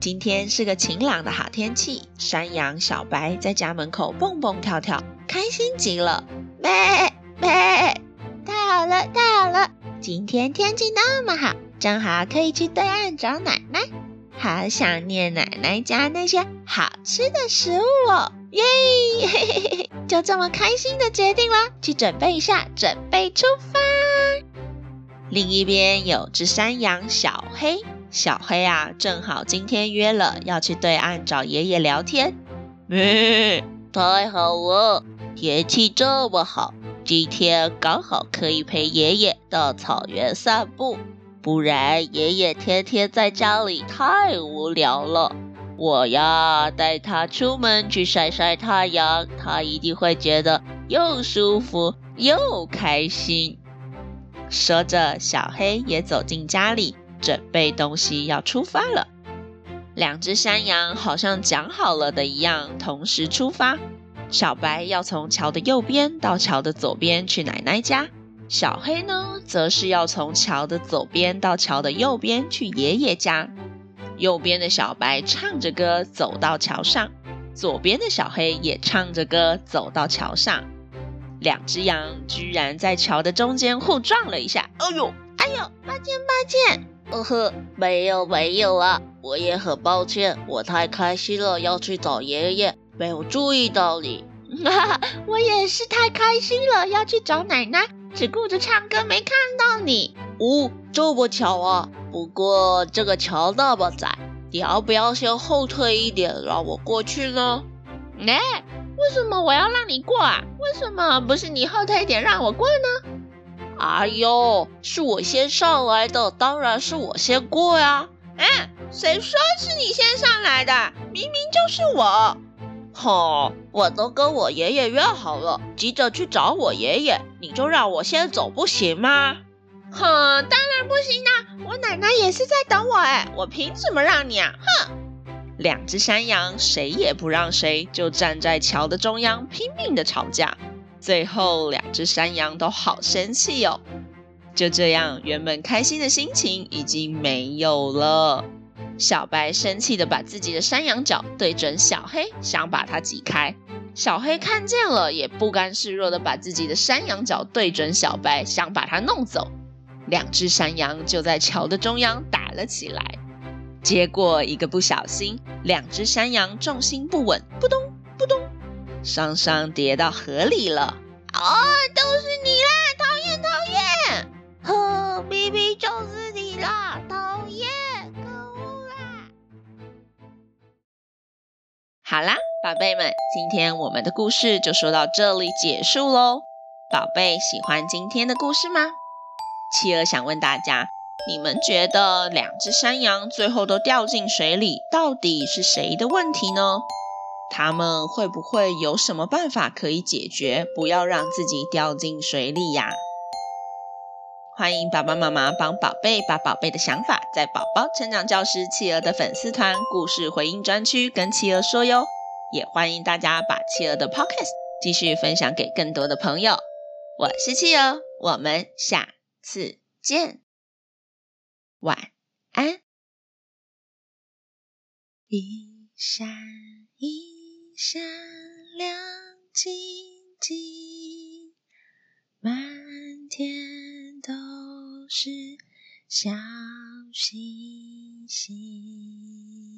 今天是個晴朗的好天氣，山羊小白在家門口蹦蹦跳跳，開心極了。咩咩，太好了，太好了！今天天氣那麼好，正好可以去對岸找奶奶。好想念奶奶家那些好吃的食物哦！耶！嘿嘿嘿，就這麼開心的決定了，去準備一下，準備出發。另一邊有隻山羊小黑。小黑啊，正好今天約了要去對岸找爺爺聊天。嗯，太好了，天氣這麼好，今天剛好可以陪爺爺到草原散步。不然爺爺天天在家裡太無聊了。我呀，帶他出門去晒晒太陽，他一定會覺得又舒服又開心。說着，小黑也走進家裡。準備東西，要出發了。兩只山羊好像講好了的一樣，同時出發。小白要從橋的右邊到橋的左邊去奶奶家，小黑呢，則是要從橋的左邊到橋的右邊去爺爺家。右邊的小白唱着歌走到橋上，左邊的小黑也唱着歌走到橋上。兩只羊居然在橋的中間互撞了一下，哎呦哎呦，抱歉抱歉。呃、哦、呵，沒有沒有啊，我也很抱歉，我太開心了，要去找爺爺，沒有注意到你。哈哈，我也是太開心了，要去找奶奶，只顧着唱歌沒看到你。哦，這麼巧啊！不過這個橋那麼窄，你要不要先後退一點，讓我過去呢？哎，為什麼我要讓你過啊？為什麼不是你後退一點讓我過呢？哎呦，是我先上來的，當然是我先過呀！哎，誰說是你先上來的？明明就是我！哼，我都跟我爺爺約好了，急着去找我爺爺，你就讓我先走不行嗎？哼，當然不行啦！我奶奶也是在等我，哎，我憑什麼讓你啊？哼！兩隻山羊誰也不讓誰，就站在橋的中央拼命的吵架。最後，兩隻山羊都好生氣喲、哦。就這樣，原本開心的心情已經沒有了。小白生氣的把自己的山羊角對準小黑，想把它擠開。小黑看見了，也不甘示弱的把自己的山羊角對準小白，想把它弄走。兩隻山羊就在橋的中央打了起來。結果一個不小心，兩隻山羊重心不穩，撲咚撲咚。噗咚雙雙跌到河裡了！哦，都是你啦，討厭討厭！哼，baby 就是你啦，討厭，可惡啦！好啦，寶貝們，今天我們的故事就說到這裡結束嘍。寶貝，喜歡今天的故事嗎？企鵝想問大家，你們覺得兩只山羊最後都掉進水裡，到底是誰的問題呢？他們會不會有什麼辦法可以解決？不要讓自己掉進水裡呀，啊！歡迎爸爸媽媽幫寶貝把寶貝的想法在寶寶成長教室企鵝的粉絲團故事回應專區跟企鵝說喲。也歡迎大家把企鵝的 Podcast 繼續分享給更多的朋友。我是企鵝，我們下次見，晚安。一閃。閃亮晶晶，滿天都是小星星。